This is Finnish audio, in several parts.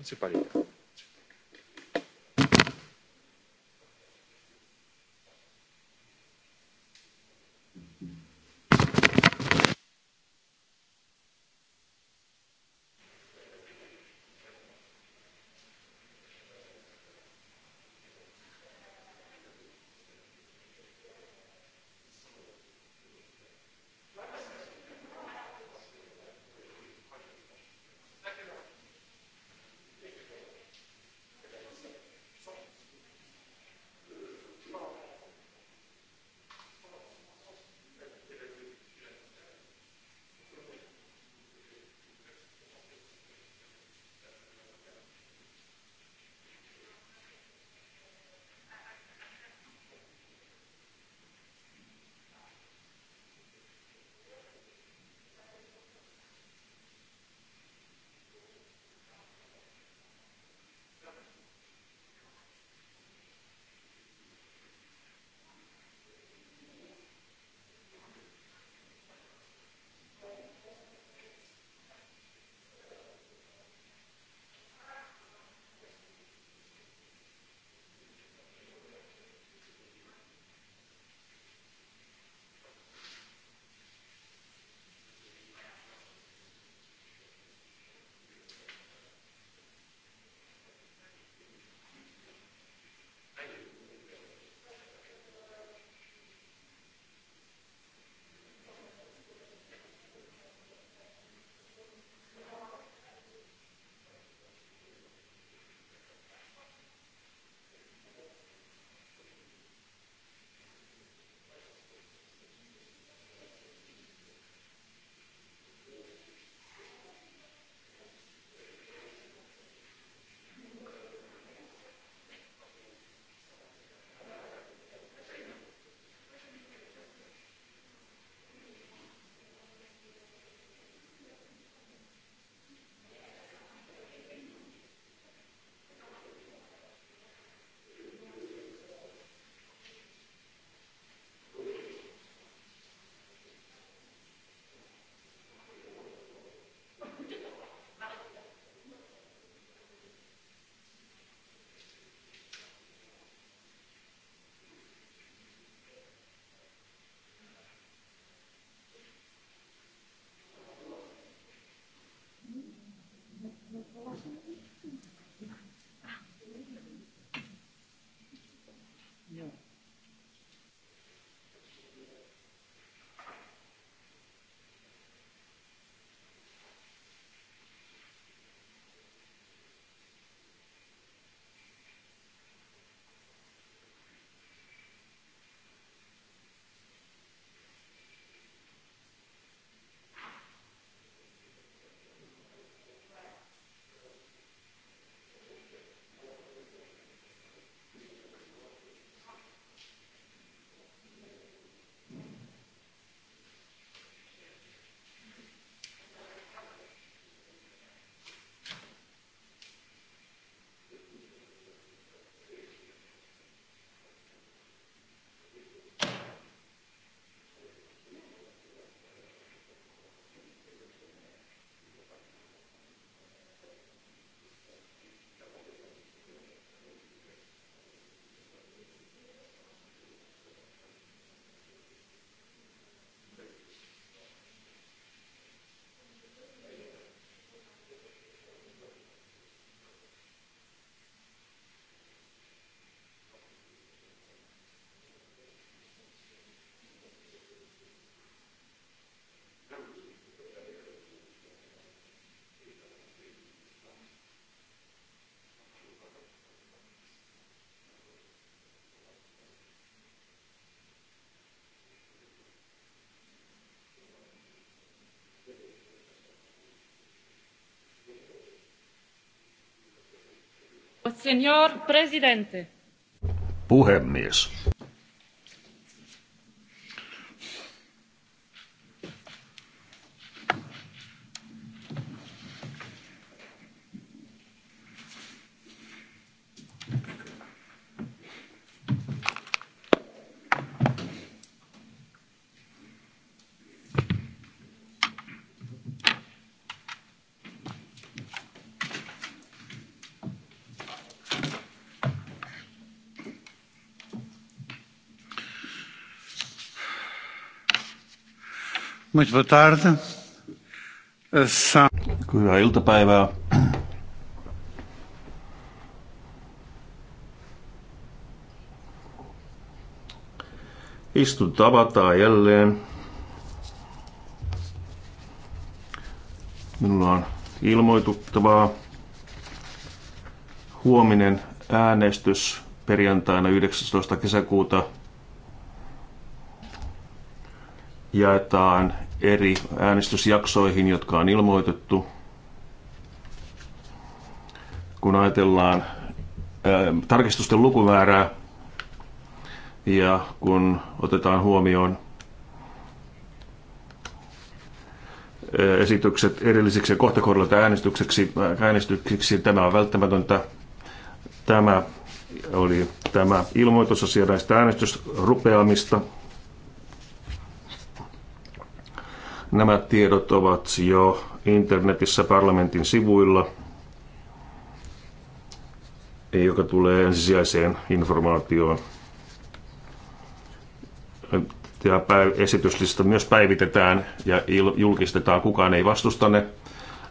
municipalidad. Signor presidente. Puhemies. Muito boa tarde. Eh, Hyvää iltapäivää. Istun tavataan jälleen. Minulla on ilmoituttavaa. Huominen äänestys perjantaina 19. kesäkuuta jaetaan eri äänestysjaksoihin, jotka on ilmoitettu. Kun ajatellaan ää, ähm, tarkistusten lukumäärää ja kun otetaan huomioon äh, esitykset erillisiksi ja kohtakohdalta äänestykseksi, äh, äänestykseksi, tämä on välttämätöntä. Tämä oli tämä ilmoitusasia näistä äänestysrupeamista. Nämä tiedot ovat jo internetissä parlamentin sivuilla, joka tulee ensisijaiseen informaatioon. Tämä esityslista myös päivitetään ja julkistetaan. Kukaan ei vastusta ne.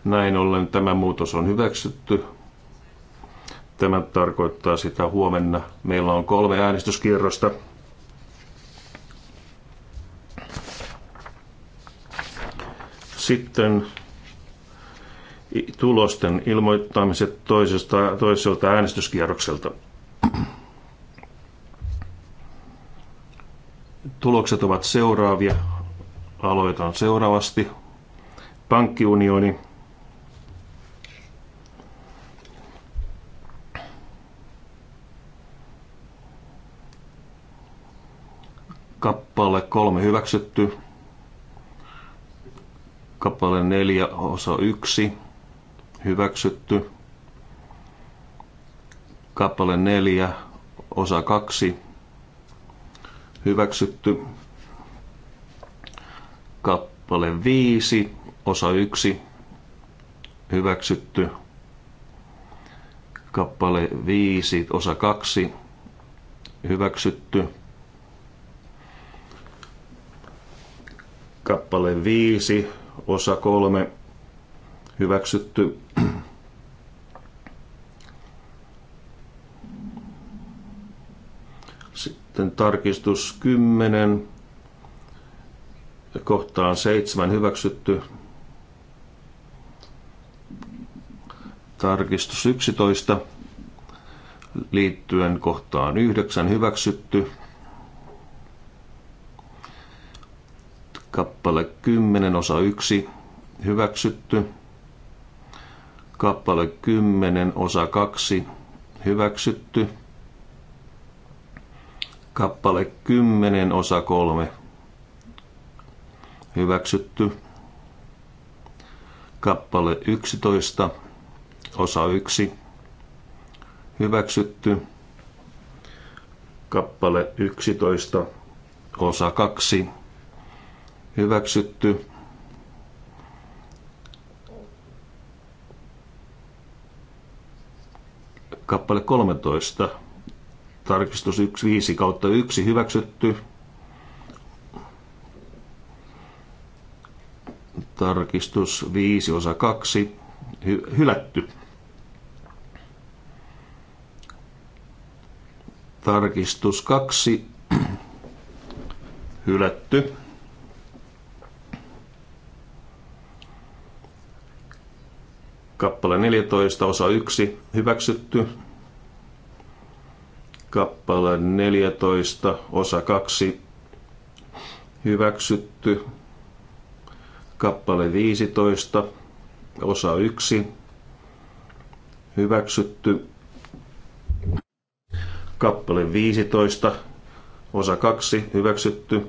Näin ollen tämä muutos on hyväksytty. Tämä tarkoittaa sitä huomenna. Meillä on kolme äänestyskierrosta. Sitten tulosten ilmoittamiset toisesta, toiselta äänestyskierrokselta. Tulokset ovat seuraavia. Aloitan seuraavasti. Pankkiunioni. Kappale kolme hyväksytty kappale 4, osa 1, hyväksytty. Kappale 4, osa 2, hyväksytty. Kappale 5, osa 1, hyväksytty. Kappale 5, osa 2, hyväksytty. Kappale 5, osa kolme hyväksytty. Sitten tarkistus 10, kohtaan 7 hyväksytty. Tarkistus 11 liittyen kohtaan 9 hyväksytty. Kappale 10 osa 1 hyväksytty. Kappale 10 osa 2 hyväksytty. Kappale 10 osa 3 hyväksytty. Kappale 11 osa 1 hyväksytty. Kappale 11 osa 2 hyväksytty hyväksytty. Kappale 13, tarkistus 15 kautta 1 hyväksytty. Tarkistus 5 osa 2 hy- hylätty. Tarkistus 2 hylätty. Kappale 14, osa 1, hyväksytty. Kappale 14, osa 2, hyväksytty. Kappale 15, osa 1, hyväksytty. Kappale 15, osa 2, hyväksytty.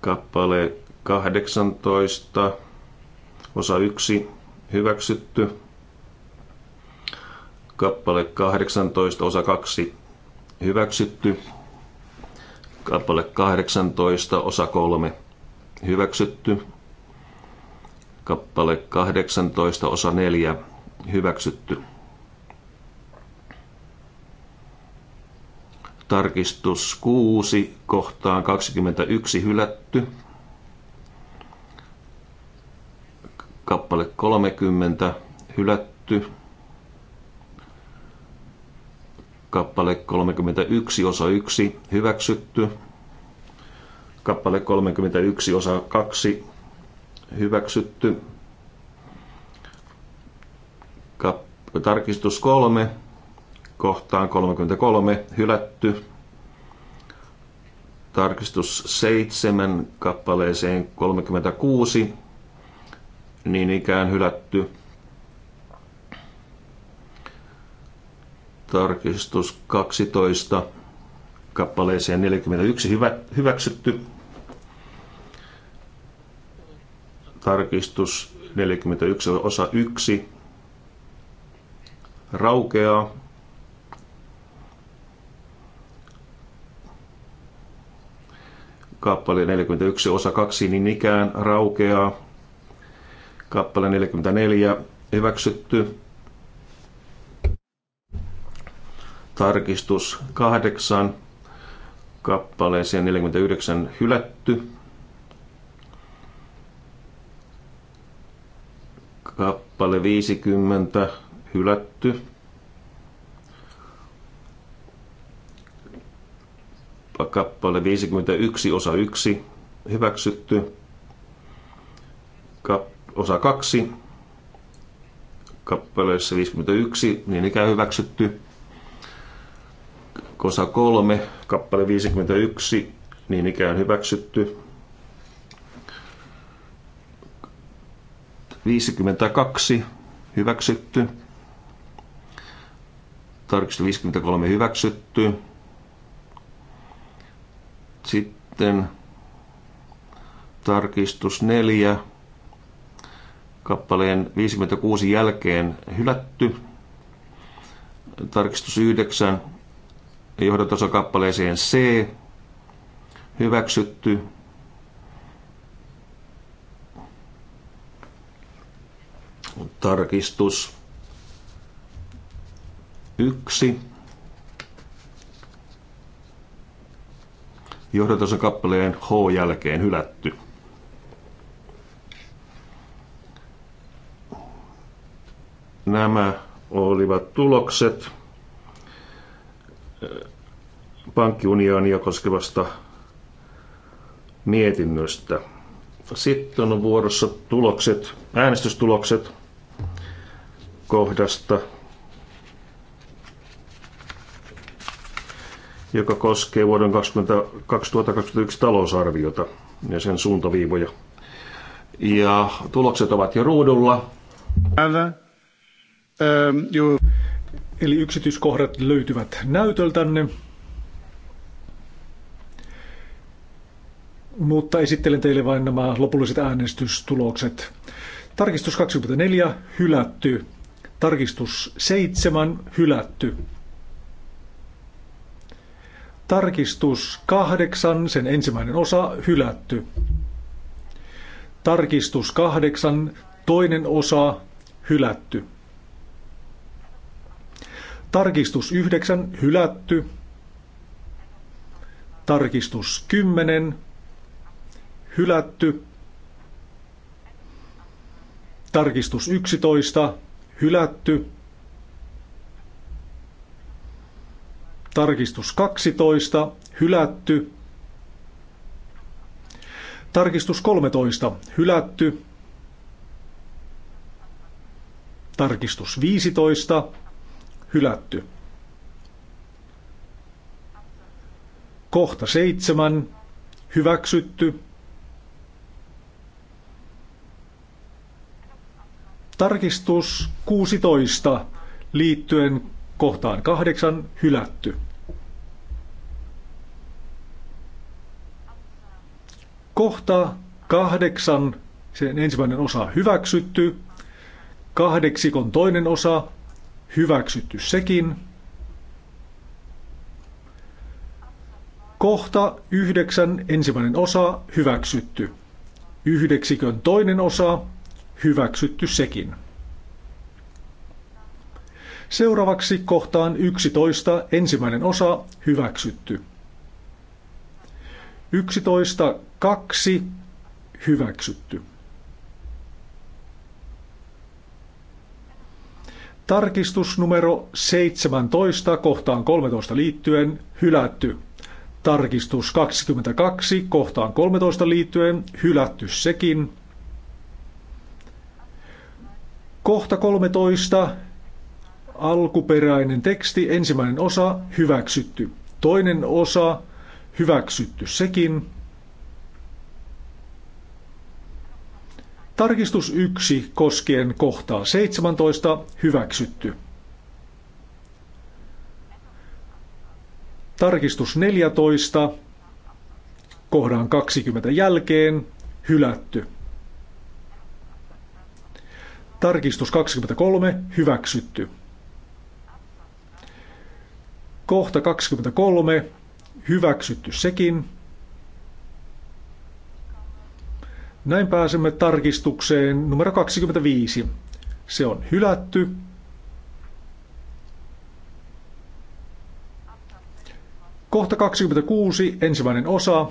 Kappale 18, hyväksytty. Osa 1 hyväksytty. Kappale 18, osa 2 hyväksytty. Kappale 18, osa 3 hyväksytty. Kappale 18, osa 4 hyväksytty. Tarkistus 6 kohtaan 21 hylätty. kappale 30 hylätty. Kappale 31 osa 1 hyväksytty. Kappale 31 osa 2 hyväksytty. Kap- tarkistus 3 kohtaan 33 hylätty. Tarkistus 7 kappaleeseen 36 niin ikään hylätty. Tarkistus 12 kappaleeseen 41 hyvä, hyväksytty. Tarkistus 41 osa 1 raukeaa. Kappale 41 osa 2 niin ikään raukeaa kappale 44 hyväksytty. Tarkistus 8 kappaleeseen 49 hylätty. Kappale 50 hylätty. kappale 51 osa 1 hyväksytty. Kappale osa 2, kappaleessa 51, niin ikään hyväksytty. Osa 3, kappale 51, niin ikään hyväksytty. 52 hyväksytty. Tarkistus 53 hyväksytty. Sitten tarkistus 4 kappaleen 56 jälkeen hylätty. Tarkistus 9 johdantasokappaleeseen C hyväksytty. Tarkistus 1. Johdantasokappaleen H jälkeen hylätty. Nämä olivat tulokset eh, pankkiunionia koskevasta mietinnöstä. Sitten on vuorossa tulokset, äänestystulokset kohdasta, joka koskee vuoden 20, 2021 talousarviota ja sen suuntaviivoja. Ja tulokset ovat jo ruudulla. Älä. Ähm, joo. Eli yksityiskohdat löytyvät näytöltänne. Mutta esittelen teille vain nämä lopulliset äänestystulokset. Tarkistus 24 hylätty. Tarkistus 7 hylätty. Tarkistus 8, sen ensimmäinen osa hylätty. Tarkistus 8, toinen osa hylätty. Tarkistus 9 hylätty. Tarkistus 10 hylätty. Tarkistus 11 hylätty. Tarkistus 12 hylätty. Tarkistus 13 hylätty. Tarkistus 15 hylätty hylätty. Kohta seitsemän, hyväksytty. Tarkistus 16 liittyen kohtaan kahdeksan, hylätty. Kohta kahdeksan, sen ensimmäinen osa hyväksytty. Kahdeksikon toinen osa Hyväksytty sekin. Kohta yhdeksän ensimmäinen osa hyväksytty. Yhdeksikön toinen osa hyväksytty sekin. Seuraavaksi kohtaan 11 ensimmäinen osa hyväksytty. 11.2 hyväksytty. Tarkistus numero 17 kohtaan 13 liittyen hylätty. Tarkistus 22 kohtaan 13 liittyen hylätty sekin. Kohta 13 alkuperäinen teksti, ensimmäinen osa hyväksytty. Toinen osa hyväksytty sekin. Tarkistus 1 koskien kohtaa 17 hyväksytty. Tarkistus 14 kohdan 20 jälkeen hylätty. Tarkistus 23 hyväksytty. Kohta 23 hyväksytty sekin. Näin pääsemme tarkistukseen numero 25. Se on hylätty. Kohta 26, ensimmäinen osa.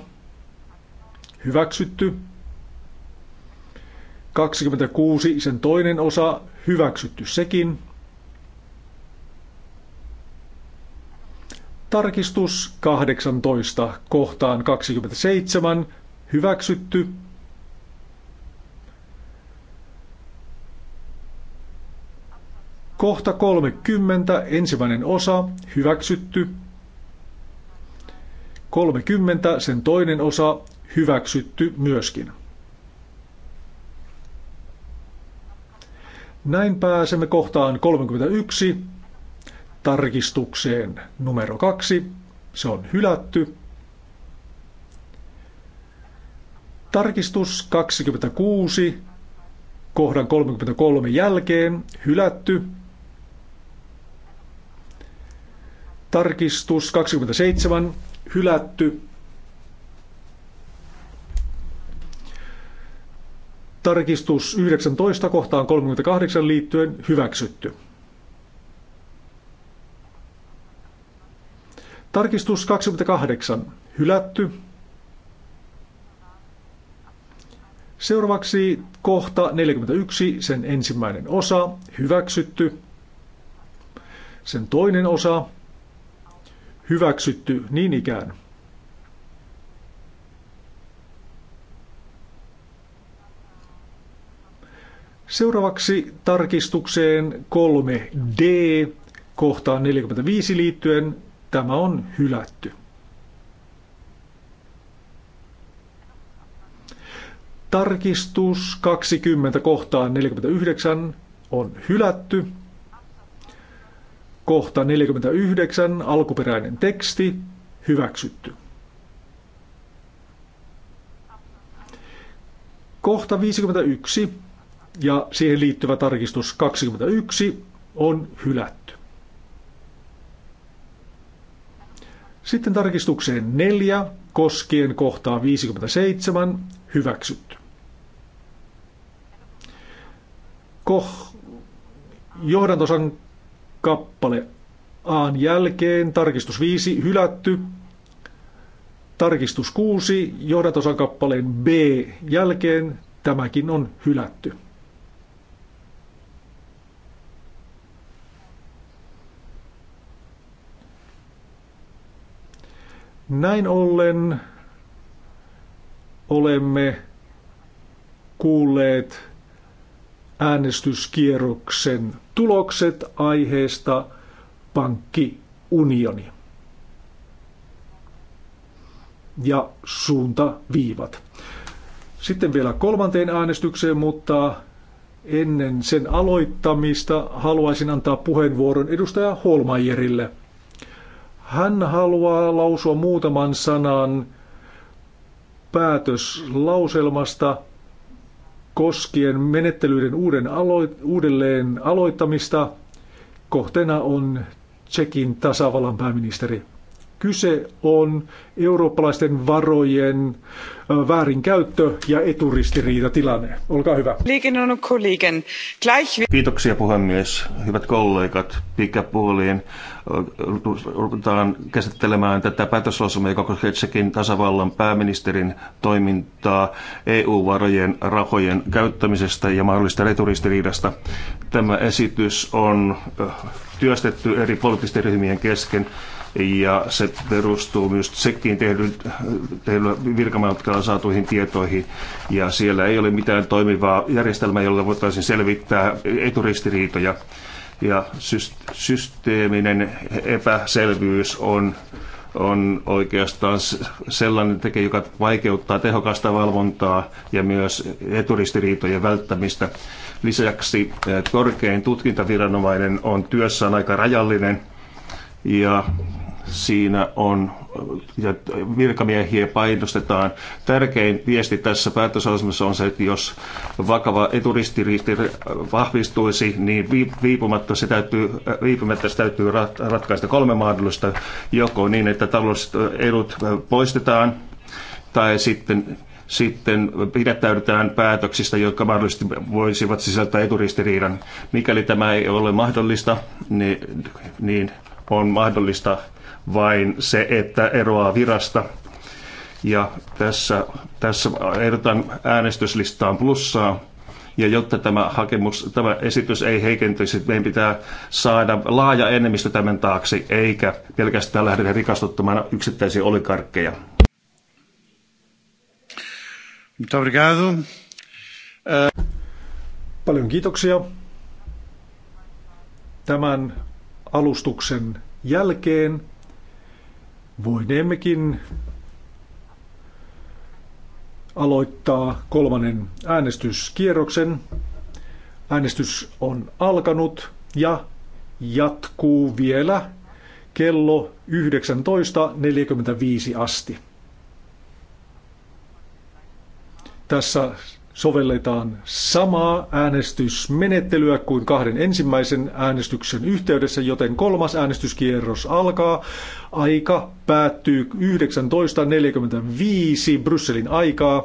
Hyväksytty. 26, sen toinen osa. Hyväksytty sekin. Tarkistus 18, kohtaan 27. Hyväksytty. Kohta 30, ensimmäinen osa, hyväksytty. 30, sen toinen osa, hyväksytty myöskin. Näin pääsemme kohtaan 31, tarkistukseen numero 2, se on hylätty. Tarkistus 26, kohdan 33 jälkeen, hylätty. Tarkistus 27, hylätty. Tarkistus 19 kohtaan 38 liittyen hyväksytty. Tarkistus 28, hylätty. Seuraavaksi kohta 41, sen ensimmäinen osa, hyväksytty. Sen toinen osa, hyväksytty niin ikään. Seuraavaksi tarkistukseen 3D kohtaan 45 liittyen tämä on hylätty. Tarkistus 20 kohtaan 49 on hylätty. Kohta 49, alkuperäinen teksti, hyväksytty. Kohta 51 ja siihen liittyvä tarkistus 21 on hylätty. Sitten tarkistukseen 4 koskien kohtaa 57 hyväksytty. Koh, johdantosan kappale Aan jälkeen, tarkistus 5 hylätty, tarkistus 6 johdatosan kappaleen B jälkeen, tämäkin on hylätty. Näin ollen olemme kuulleet äänestyskierroksen tulokset aiheesta pankkiunioni ja suunta viivat. Sitten vielä kolmanteen äänestykseen, mutta ennen sen aloittamista haluaisin antaa puheenvuoron edustaja Holmajerille. Hän haluaa lausua muutaman sanan päätöslauselmasta – koskien menettelyiden uuden alo- uudelleen aloittamista. Kohteena on Tsekin tasavallan pääministeri. Kyse on eurooppalaisten varojen väärinkäyttö ja eturistiriitatilanne. Olkaa hyvä. Kiitoksia puhemies. Hyvät kollegat, pikapuoliin ruvetaan käsittelemään tätä päätöslausumaa, joka koskee tasavallan pääministerin toimintaa EU-varojen rahojen käyttämisestä ja mahdollista eturistiriidasta. Tämä esitys on työstetty eri poliittisten ryhmien kesken ja se perustuu myös sekkiin tehdyn virkamatkalla saatuihin tietoihin ja siellä ei ole mitään toimivaa järjestelmää, jolla voitaisiin selvittää eturistiriitoja ja systeeminen epäselvyys on on oikeastaan sellainen tekijä, joka vaikeuttaa tehokasta valvontaa ja myös eturistiriitojen välttämistä. Lisäksi eh, korkein tutkintaviranomainen on työssään aika rajallinen ja siinä on, ja virkamiehiä painostetaan. Tärkein viesti tässä päätösasemassa on se, että jos vakava eturistiriiti vahvistuisi, niin viipumatta se täytyy, viipumatta se täytyy ratkaista kolme mahdollista, joko niin, että taloudelliset edut poistetaan, tai sitten sitten pidättäydytään päätöksistä, jotka mahdollisesti voisivat sisältää eturistiriidan. Mikäli tämä ei ole mahdollista, niin, niin on mahdollista vain se, että eroaa virasta. Ja tässä, tässä ehdotan äänestyslistaan plussaa. Ja jotta tämä, hakemus, tämä esitys ei heikentyisi, meidän pitää saada laaja enemmistö tämän taakse, eikä pelkästään lähdetä rikastuttamaan yksittäisiä olikarkkeja. Äh, paljon kiitoksia. Tämän alustuksen jälkeen Voineemmekin aloittaa kolmannen äänestyskierroksen. Äänestys on alkanut ja jatkuu vielä kello 19.45 asti. Tässä sovelletaan samaa äänestysmenettelyä kuin kahden ensimmäisen äänestyksen yhteydessä, joten kolmas äänestyskierros alkaa. Aika päättyy 19.45 Brysselin aikaa.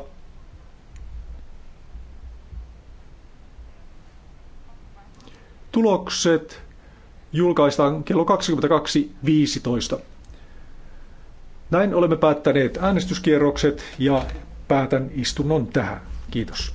Tulokset julkaistaan kello 22.15. Näin olemme päättäneet äänestyskierrokset ja päätän istunnon tähän. Kiitos.